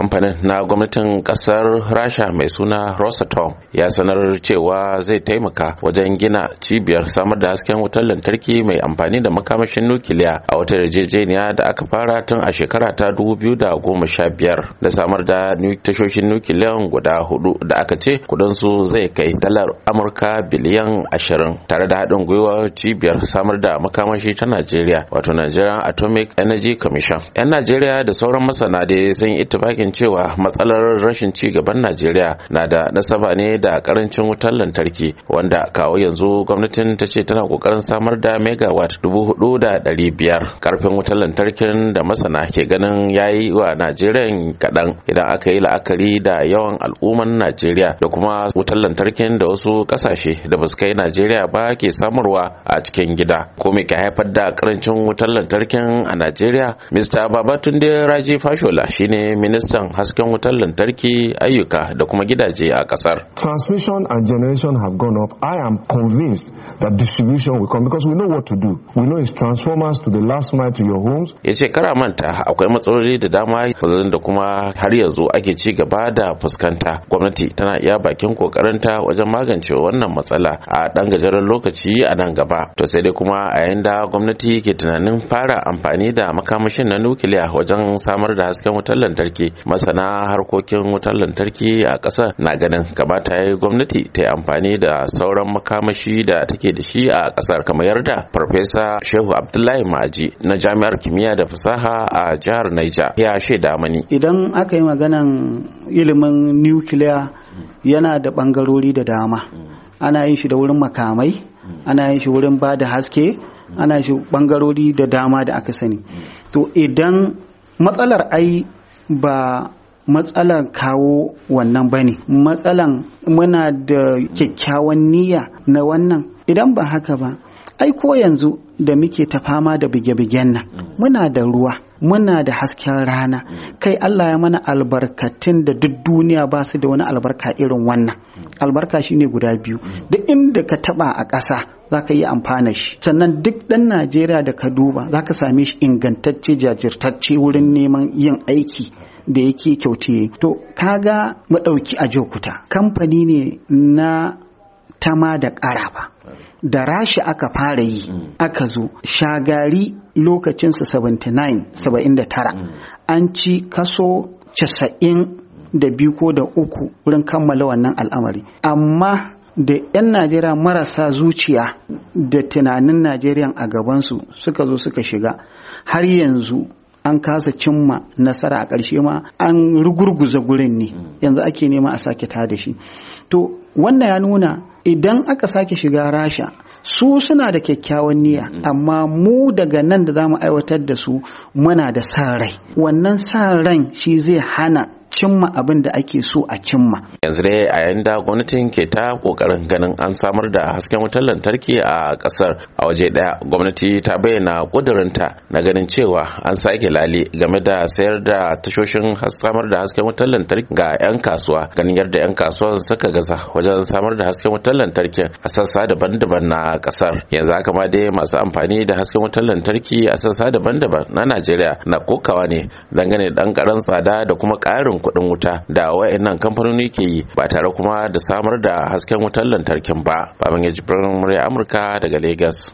kamfanin na gwamnatin kasar rasha mai suna rosatom ya sanar cewa zai taimaka wajen gina cibiyar samar da hasken wutar lantarki mai amfani da makamashin nukiliya a wata yarjejeniya da aka fara tun a shekara ta 2015 da sha biyar, samar da tashoshin nukiliyan guda hudu da aka ce su zai kai dalar amurka biliyan ashirin, tare da haɗin gwiwar cibiyar samar da makamashi ta najeriya wato nigerian atomic energy commission yan najeriya da sauran masana dai sun yi zargin cewa matsalar rashin ci gaban najeriya na da nasaba ne da karancin wutar lantarki wanda kawo yanzu gwamnatin ta ce tana kokarin samar da megawatt dubu hudu da dari biyar karfin wutar lantarkin da masana ke ganin ya yi wa najeriya kaɗan idan aka yi la'akari da yawan al'umman najeriya da kuma wutar lantarkin da wasu ƙasashe da basu kai najeriya ba ke samarwa a cikin gida ko me ke haifar da karancin wutar lantarkin a najeriya mr babatunde raji fashola shine ministan kan hasken wutar lantarki ayyuka da kuma gidaje a kasar. Transmission and generation have gone up. I am convinced that distribution will come because we know what to do. We know it's transformers to the last mile to your homes. Ya ce kara manta akwai matsaloli da dama da kuma har yanzu ake ci gaba da fuskanta. Gwamnati tana iya bakin kokarinta wajen magance wannan matsala a dan gajeren lokaci a nan gaba. To sai dai kuma a yayin da gwamnati ke tunanin fara amfani da makamashin na nukiliya wajen samar da hasken wutar lantarki masana harkokin wutar lantarki a ƙasa na ganin kamata ya yi gwamnati ta yi amfani da sauran makamashi da take da shi a ƙasar kamar yarda farfesa shehu abdullahi maji na jami'ar kimiyya da fasaha a jihar naija ya shaida mani idan aka yi maganan ilimin nukiliya yana da ɓangarori da dama ana yin shi da wurin makamai ana yin shi wurin ba da haske ana shi bangarori da dama da aka sani to idan matsalar ai ba matsalar kawo wannan ba ne matsalan muna da kyakkyawan niyya na wannan idan ba haka ba ai ko yanzu da muke ta fama da bige-bigen nan muna da ruwa muna da hasken rana kai Allah ya mana albarkatun da duk duniya ba su da wani albarka irin wannan albarka shine guda biyu duk inda ka taba a ƙasa za ka yi amfana shi sannan duk ɗan najeriya da ka duba za ka same shi ingantacce jajirtacce wurin neman yin aiki da yake kyautiye to kaga madauki a jokuta kamfani ne na tama da ƙarafa da rashi aka fara yi mm. aka zo shagari lokacinsa 79-79 mm. mm. an ci kaso 90 da biyu ko da uku wurin kammala wannan al'amari amma da 'yan najeriya marasa zuciya da tunanin najeriya a gabansu suka zo suka shiga har yanzu an kasa cimma nasara a ƙarshe ma an rugurguza gurin ne hmm. yanzu ake nema a sake ta da shi to wannan ya nuna idan aka sake shiga rasha su suna da kyakkyawan niyya hmm. amma mu daga nan da za mu aiwatar da su muna da sa rai wannan sa ran shi zai hana cimma abin da ake so a cimma. Yanzu dai a yayin da gwamnatin ke ta kokarin ganin an samar da hasken wutar lantarki a kasar a waje daya gwamnati ta bayyana kudurinta na ganin cewa an sake lali, game da sayar da tashoshin samar da hasken wutar lantarki ga 'yan kasuwa ganin yadda 'yan kasuwa suka gaza wajen samar da hasken wutar lantarki a sassa daban-daban na kasar yanzu haka ma dai masu amfani da hasken wutar lantarki a sassa daban-daban na Najeriya na kokawa ne dangane da dan karan tsada da kuma ƙarin kuɗin wuta da wayannan kamfanoni ke yi ba tare kuma da samar da hasken wutar lantarkin ba baban ya jibrin murya amurka daga Legas.